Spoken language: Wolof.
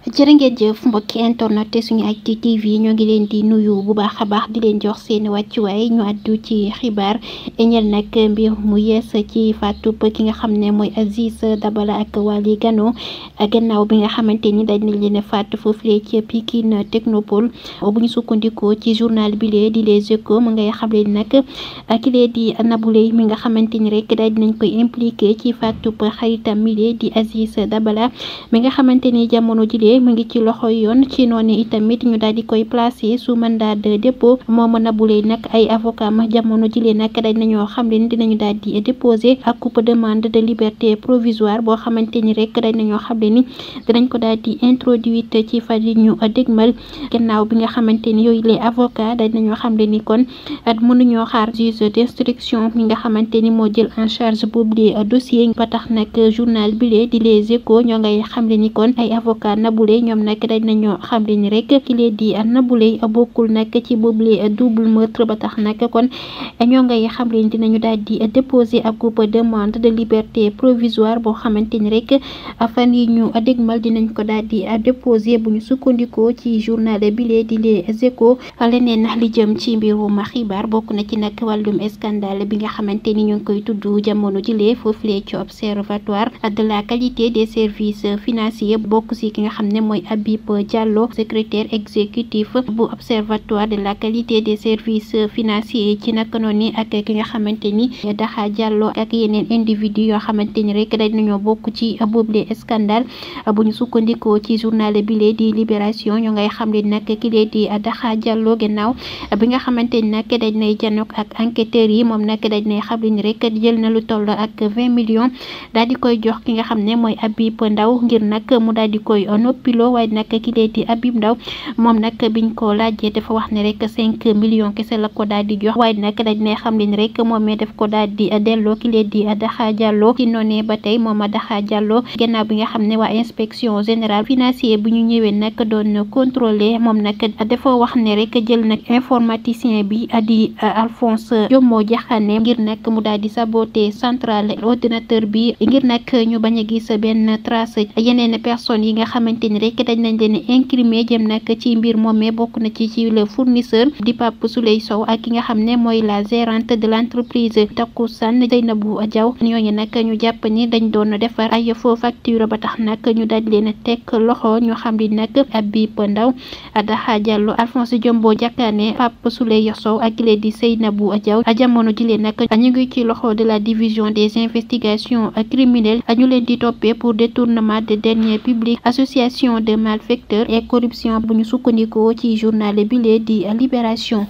jërë ngeen jëf mbokki internet suñu ak acti tv ñoo ngi leen di nuyu bu baax a baax di leen jox seeni seen wàccuwaay ñu àddu ci xibaar ñel nag mbir mu yees ci faatu ki nga xam ne mooy Aziz Dabala ak Waly Gano ganaaw bi nga xamante ni dañ leen faatu foofulee ci Pikine Technopole bu ñu sukkandikoo ci journal bi di Les Échos mu ngay xam nag ki lee di Nabou Leye mi nga xamante ni rek daal dinañ koy impliqué ci faatu xaritam mi lee di Aziz Dabala mi nga xamante ni jamono ji lee mu ngi ci loxoy yoon ci noonu itamit ñu daal di koy placé sous mandat de dépôt moom Nabou Leye nag ay avocat ma jamono jile nag dañ nañoo xam leen dinañu daal di déposé de liberté provisoire boo xamante ni rek dañ nañoo xam leen ni dinañ ko daal di introduite ci fan ñu dégmal gannaaw bi nga xamante ni yooyu les avocats dañ nañoo xam leen ni kon mënuñoo xaar juge d'instruction mi nga xamante ni moo jël en charge boobu dossier ba tax nag journal bi di les échos ñoo ngay xam leen kon ay avocat Nabou Naboulaye ñoom nag dañ nañoo xam leen ni rek kile di Naboulaye bokkul nag ci boobule double meurtre ba tax nag kon ñoo ngay xam leen dinañu daal di déposer ab groupe de liberté provisoire boo xamante ni rek fan yi ñu dégmal dinañ ko daal di déposer bu ñu sukkandikoo ci journal bile di Les Échos leneen li jëm ci mbirum xibaar bokk na ci nag wàllum scandale bi nga xamante ni ñu ngi koy tudd jamono jile foofu lee ci observatoire de la qualité des services financiers bokk si ki nga xam ne mooy Habib Diallo secrétaire exécutif bu observatoire de la qualité des services financiers ci naka ni ak ki nga xamante ni daxa Diallo ak yeneen individu yoo xamante ni rek dañ nañoo bokk ci boobule scandale bu ñu sukkandikoo ci journal bi lee di Libération ñu ngay xam ne nag ki lee di Daha Diallo gannaaw bi nga xamante ni nag dañ nay janook ak enquêteurs yi moom nag dañ nay xam rekk jël na lu toll ak vingt millions daal di koy jox ki nga xam ne mooy Habib Ndaw ngir nag mu daal di koy nopp pilo waaye nag ki lee di Habib Ndaw moom nag biñ ko laajee dafa wax ne rek cinq millions kese la ko daal di jox waaye nag dañ ne xam leen rek moom mi def ko daal di delloo ki lee di Daxa Diallo ki noonee ba tey moom a Daxa Diallo gannaaw bi nga xam ne waa inspection générale financier bi ñu ñëwee nag doon contrôler moom nag dafa wax ne rek jël nag informaticien bi di Alphonse Diomo Diakhane ngir nag mu daal di saboter centrale ordinateur bi ngir nag ñu bañ a benn trace ni rek dañ lañ leen incriminé jëm nag ci mbir moomee bokk na ci ci le fournisseur di Pape Souley Sow ak ki nga xam ne mooy la gérante de l' entreprise Takusan bu Diaw ñooñu nag ñu jàpp ni dañ doon defar ay faux facture ba tax nag ñu daaj leen teg loxo ñu xam li nag Habib Ndaw a Daha Diallo Alphonse Diombo Diakane Pape Souley Sow ak ki di Seynabou Diaw jamono ji leen nag ñu ngi ci loxo de la division des investigations criminelles ñu leen di toppee pour détournement de deniers publics association corruption de malfaiteurs et corruption bu ñu sukkandikoo ci journal bi di libération